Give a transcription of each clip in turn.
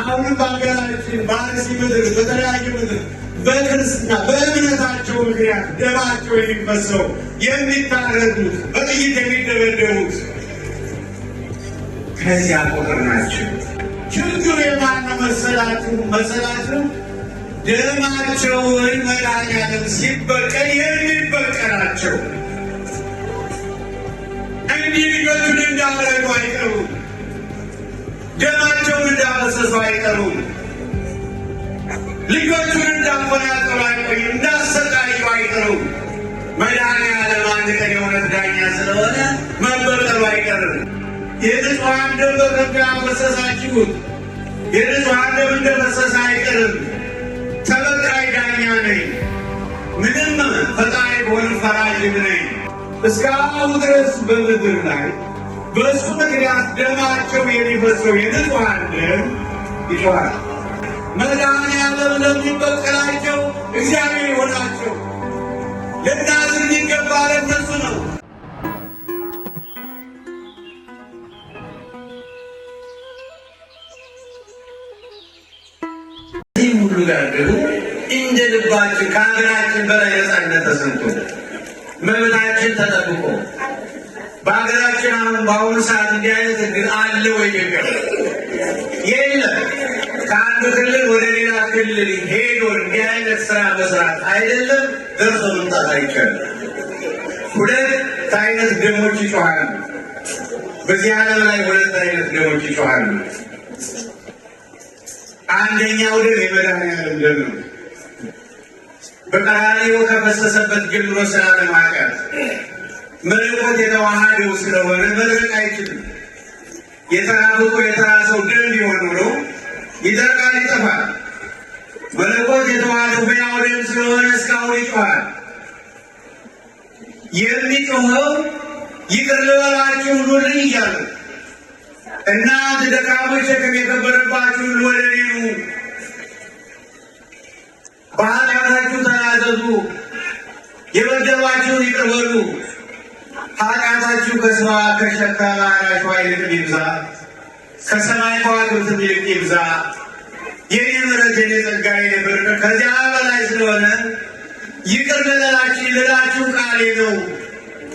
አሁንም በሀገራችን በአርሲ ምድር በተለያዩ ምድር በክርስትና በእምነታቸው ምክንያት ደማቸው የሚፈሰው የሚታረዱት በጥይት የሚደበደቡት ከዚያ ቁጥር ናቸው። ችግሩ የማነ መሰላችሁ? መሰላችሁ ደማቸውን መድኃኒዓለም ሲበቀል የሚበቀላቸው እንዲህ ሊገቱን እንዳረዱ አይቀሩም። ደማቸውን እንዳፈሰሱ አይቀሩም። ልጆቹን እንዳንቆላጠሉ አይቆዩም። እንዳሰቃዩ አይቀሩም። መድኃኔዓለም አንድ ቀን የእውነት ዳኛ ስለሆነ መበቀሉ አይቀርም። የንጹሐን ደም በከንቱ ያፈሰሳችሁት የንጹሐን ደም እንደፈሰሰ አይቀርም። ተበቃይ ዳኛ ነኝ። ምንም ፈጣሪ በሆንም ፈራጅም ነኝ። እስከ አሁን ድረስ በምድር ላይ በሱ ምክንያት ደማቸው የሚፈሰው የንጹሐን ደም ይጮሃል። መድኃኔዓለም ለሚበቀላቸው እግዚአብሔር ይሆናቸው ልናዝ የሚገባ ለእነሱ ነው። ይህ ሁሉ ጋር ደግሞ እንደ ልባችን ከሀገራችን በላይ ነጻነት ተሰምቶ መብታችን ተጠብቆ በሀገራችን በአሁኑ ሰዓት እንዲህ አይነት እድል አለ ወይ? ኢትዮጵያ የለም። ከአንዱ ክልል ወደ ሌላ ክልል ሄዶ እንዲህ አይነት ስራ መስራት አይደለም ደርሶ መምጣት አይቻልም። ሁለት አይነት ደሞች ይጮሃሉ። በዚህ ዓለም ላይ ሁለት አይነት ደሞች ይጮሃሉ። አንደኛው ደም የመድኃኒዓለም ደም ነው። በቀራንዮ ከፈሰሰበት ጀምሮ ስራ ለማቀር መለኮት የተዋሃደው ስለሆነ መድረቅ አይችልም። የተራበቁ የተራሰው ደም የሆነው ነው ይደርቃል፣ ይጠፋል። መለኮት የተዋሃደው ሕያው ደም ስለሆነ እስካሁን ይጮሃል። የሚጮኸው ይቅር ልበላችሁ ኑልኝ እያሉ እናንት ደካሞች ሸክም የከበደባችሁን ወደ እኔ ኑ፣ በኃጢአታችሁ ተናዘዙ፣ የበደሏችሁን ይቅር በሉ ኃጢአታችሁ ከስባ ከሸካራ አራሽዋ ይልቅም ይብዛ፣ ከሰማይ ከዋክብትም ይልቅ ይብዛ። የኔ ምሕረት የኔ ጸጋ የኔ ፍቅር ከዚያ በላይ ስለሆነ ይቅር ልላችሁ ልላችሁ ቃሌ ነው።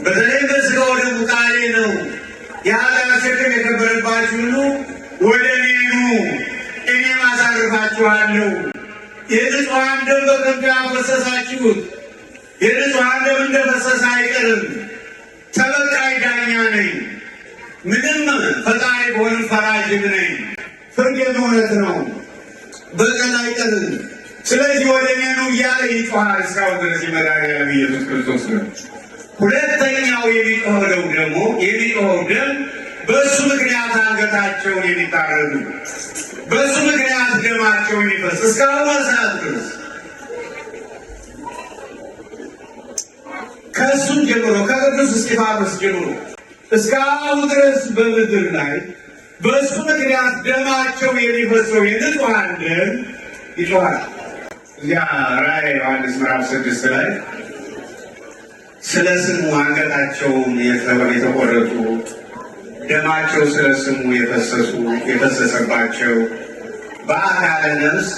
በተለይ በስጋ ወደሙ ቃሌ ነው። የኃጢአት ሸክም የከበረባችሁ ሁሉ ወደ እኔ ኑ፣ እኔም አሳርፋችኋለሁ። የንጹሐን ደም በከንቱ ያፈሰሳችሁት የንጹሐን ደም እንደፈሰሰ አይቀርም። ተበቃይ ዳኛ ነኝ። ምንም ፈጣሪ በሆንም ፈራጅም ነኝ። ፍርድ እውነት ነው፣ በቀል አይጥልም። ስለዚህ ወደ እኔ ኑ እያለ ይጮሃል እስካሁን ድረስ መድኃኒዓለም ኢየሱስ ክርስቶስ ነው። ሁለተኛው የሚጮኸው ደግሞ የሚጮኸው ደም በእሱ ምክንያት አንገታቸውን የሚታረዱ በእሱ ምክንያት ደማቸውን የሚፈስ እስካሁን መሰዓት ድረስ ከእሱም ጀምሮ ከቅዱስ እስጢፋኖስ ጀምሮ እስካሁን ድረስ በምድር ላይ በእሱ ምክንያት ደማቸው የሚፈሰው የንጹሐን ደም ይጮሃል። እዚያ ራዕየ ዮሐንስ ምዕራፍ ስድስት ላይ ስለ ስሙ አንገታቸውን የተቆረጡ ደማቸው ስለ ስሙ የፈሰሱ የፈሰሰባቸው በአካለ ነፍስ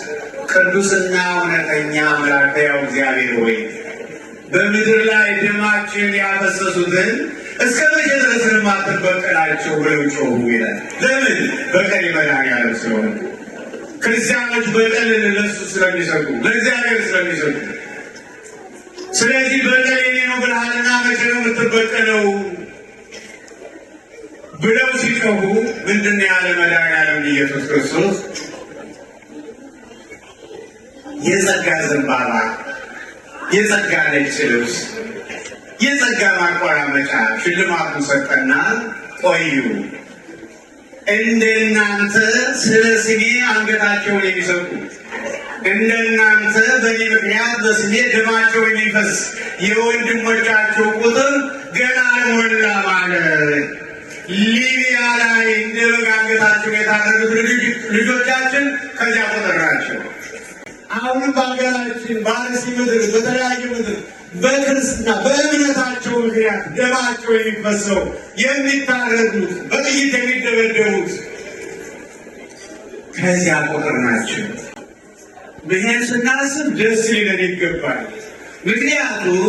ቅዱስና እውነተኛ አምላክ ሕያው እግዚአብሔር ወይ በምድር ላይ ደማችን ያፈሰሱትን እስከ መቼ ድረስ ለማትበቀላቸው ብለው ጮሁ ይላል። ለምን? በቀል ያለው ስለሆነ ክርስቲያኖች በቀል ለሱ ስለሚሰጡ ለእግዚአብሔር ስለሚሰጉ ስለዚህ በቀል የኔ ነው ብልሃልና መቼ ነው የምትበቀለው ብለው ሲጮሁ ምንድን ያለ መድኃኒዓለም ኢየሱስ ክርስቶስ የጸጋ ዘንባባ የጸጋ ነጭ ልብስ የጸጋ ማቆራመጫ ሽልማቱ ሰጠና ቆዩ። እንደናንተ ስለ ስሜ አንገታቸውን የሚሰጡ እንደናንተ በእኔ ምክንያት በስሜ ደማቸው የሚፈስ የወንድሞቻቸው ቁጥር ገና ሞላ ማለት ሊቢያ ላይ እንደበግ አንገታቸውን የታረዱት ልጆቻችን ከዚያ ቆጠራቸው አሁንም በሀገራችን በአርሲ ምድር በተለያዩ ምድር በክርስትና በእምነታቸው ምክንያት ደማቸው የሚፈሰው የሚታረዱት በጥይት የሚደበደቡት ከዚያ ቁጥር ናቸው። ይህን ስናስብ ደስ ሊለን ይገባል። ምክንያቱም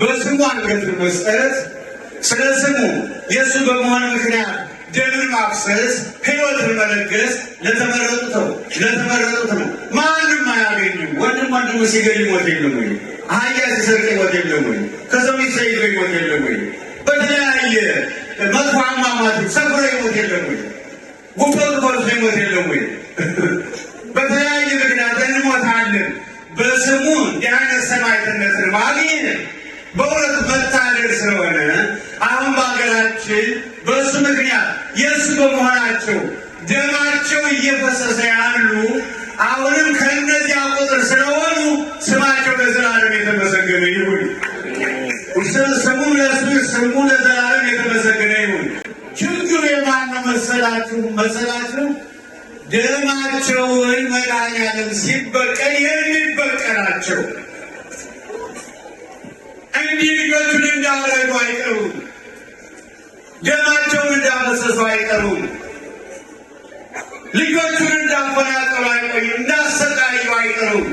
በስሙ አንገት መስጠት ስለ ስሙ የእሱ በመሆን ምክንያት ደምን ማፍሰስ ሕይወትን መለገስ ለተመረጡት ነው ለተመረጡት ነው። ማንም አያገኝም። ወንድም ወንድሙ ሲገል ሞት የለም ወይ? አህያ ሲሰርቅ ሞት የለም ወይ? ከሰው ተይዞ ሞት የለም ወይ? በተለያየ መጥፎ አሟሟት ሰፍሮ ሞት የለም ወይ? ጉበቱ ቆርሶ ይሞት የለም ወይ? በተለያየ ምክንያት እንሞታለን። በስሙ እንዲህ አይነት ሰማዕትነትን ማግኘት በእውነት መታደር ስለሆነ አሁን በሀገራችን በእሱ ምክንያት የእሱ በመሆናቸው ደማቸው እየፈሰሰ ያሉ አሁንም ከእነዚያ ቁጥር ስለሆኑ ስማቸው ለዘላለም የተመሰገነ ይሁን። ስሙ ስሙ ለዘላለም የተመሰገነ ይሁን። ችግሩ የማን ነው መሰላችሁ? መሰላችሁ ደማቸውን መድኃኒዓለም ሲበቀል የሚበቀላቸው እንዲህ ልጆቹን እንዳረዱ አይቀሩም። ደማቸውን እንዳፈሰሱ አይጠሩም። ልጆቹን እንዳፈናቀሉ አይቆዩም። እንዳሰቃዩ አይጠሩም።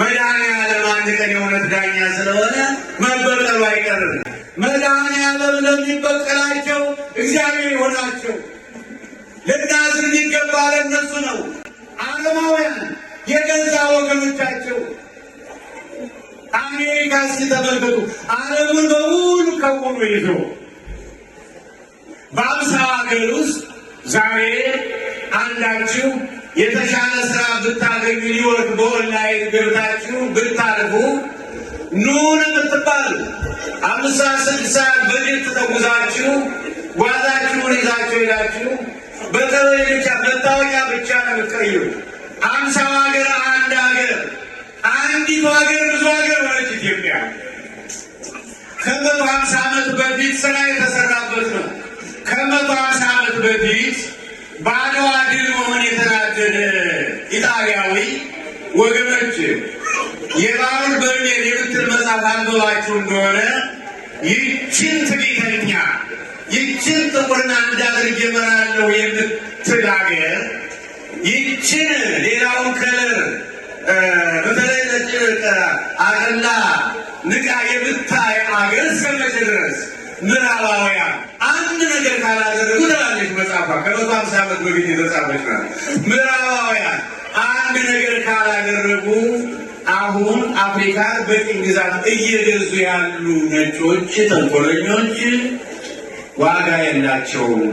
መድኃኔዓለም አንድ ቀን የእውነት ዳኛ ስለሆነ መበቀሉ አይቀርም። መድኃኔዓለም ለሚበቀላቸው እግዚአብሔር ይሆናቸው። ልናዝን የሚገባ ለእነሱ ነው። አለማውያን የገዛ ወገኖቻቸው አሜሪካ ሲተመልከቱ ዓለሙን በሙሉ ከቆሙ ይዞ በአምሳ ሀገር ውስጥ ዛሬ አንዳችሁ የተሻለ ስራ ብታገኙ ሊወት በኦንላይን ገብታችሁ ብታርፉ ኑን ነው የምትባሉ። አምሳ ስልሳ በጀት ተጉዛችሁ ጓዛችሁን ይዛችሁ ሄዳችሁ በተለይ ብቻ መታወቂያ ብቻ ነው የምትቀይሩ። አምሳው ሀገር አንድ ሀገር አንዲቱ ሀገር ብዙ ሀገር ሆነች ኢትዮጵያ። ከመቶ ሀምሳ ዓመት በፊት ስራ የተሰራበት ነው። ከመቶ ሃምሳ ዓመት በፊት በአድዋ ድል መሆን የተናደደ ኢጣሊያዊ ወገኖች የባሩር በርሜል የምትል መጽሐፍ አንብባችሁ እንደሆነ ይችን ትዕቢተኛ ይችን ጥቁርና አንድ አድርጌ እመራለሁ የምትል አገር ይችን ሌላውን ከለር በተለይ ነጭ አቀላ ንቃ የምታይ አገር እስከመቼ ድረስ ምዕራባውያን አንድ ነገር ካላደረጉ ትላለች መጽሐፏ። ከመቶ ሃምሳ ዓመት በፊት የተጻፈች ናት። ምዕራባውያን አንድ ነገር ካላደረጉ አሁን አፍሪካን በቅኝ ግዛት እየገዙ ያሉ ነጮች ተንኮለኞች ዋጋ የላቸውም።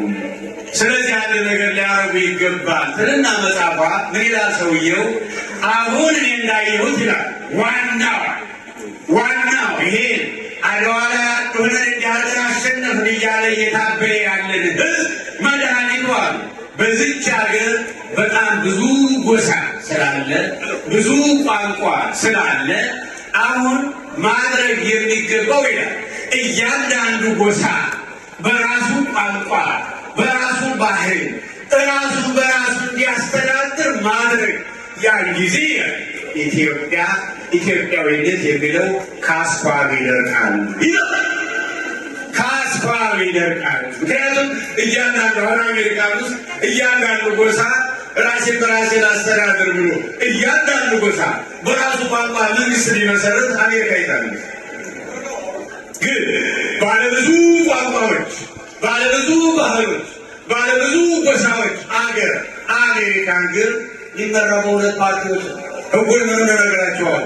ስለዚህ አንድ ነገር ሊያረጉ ይገባል ትልና መጽሐፏ ምን ይላል? ሰውየው አሁን እኔ እንዳየሁት ይላል ዋናው ዋናው ይሄ አድዋ ላይ እውነት እንደ አሸነፍን እያለ እየታበየ ያለን ህዝብ መድኃኒቷ በዚች ሀገር በጣም ብዙ ጎሳ ስላለ ብዙ ቋንቋ ስላለ አሁን ማድረግ የሚገባው ይላል እያንዳንዱ ጎሳ በራሱ ቋንቋ በራሱ ባህል እራሱ በራሱ እንዲያስተዳድር ማድረግ ያን ጊዜ ኢትዮጵያ ኢትዮጵያዊነት የሚለው ከአስኳ ይደርቃል ይላል። ተስፋው ይደርቃል። ምክንያቱም እያንዳንዱ አሁን አሜሪካ ውስጥ እያንዳንዱ ጎሳ ራሴ በራሴን አስተዳደር ብሎ እያንዳንዱ ጎሳ በራሱ ቋንቋ መንግስት ሊመሰረት አሜሪካ ይታል። ግን ባለብዙ ቋንቋዎች፣ ባለብዙ ባህሎች፣ ባለብዙ ጎሳዎች አገር አሜሪካን ግን ይመራው በሁለት ፓርቲዎች ህጉን ምን ነገራቸዋል።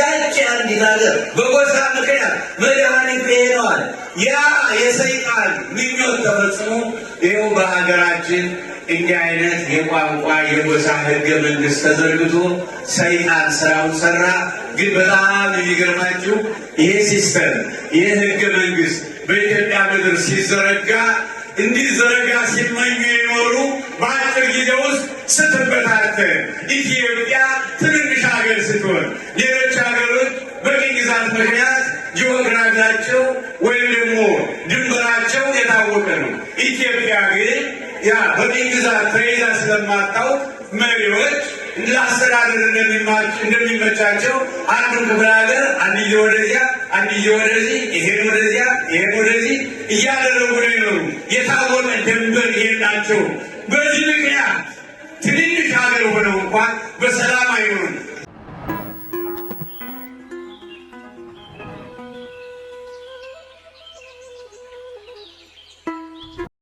ያቺ አንዲት ሀገር በጎሳ ምክንያት መድኃኒት ይሄ ነው ያ የሰይጣን ምኞት ተፈጽሞ ይኸው በሀገራችን እንዲህ አይነት የቋንቋ የጎሳ ህገ መንግስት ተዘርግቶ ሰይጣን ስራውን ሰራ። ግን በጣም የሚገርማችሁ ይሄ ሲስተም ይሄ ህገ መንግስት በኢትዮጵያ ምድር ሲዘረጋ እንዲዘረጋ ሲመኙ የኖሩ በአጭር ጊዜ ውስጥ ስትበታተን ኢትዮጵያ ትንንሽ ሀገር ስትሆን ሌሎች ሀገሮች በቅኝ ግዛት ምክንያት ያላቸው ወይም ደግሞ ድንበራቸው የታወቀ ነው። ኢትዮጵያ ግን ያ በቅኝ ግዛት ተይዛ ስለማታውቅ መሪዎች ለአስተዳደር እንደሚመቻቸው አንዱ ክፍለ ሀገር አንድዬ ወደዚያ አንድዬ ወደዚህ ይሄን ወደዚያ ይሄን ወደዚህ እያደረጉ ነው ይኖሩ። የታወቀ ድንበር የላቸው። በዚህ ምክንያት ትንንሽ ሀገር ሆነው እንኳን በሰላም አይኖርም።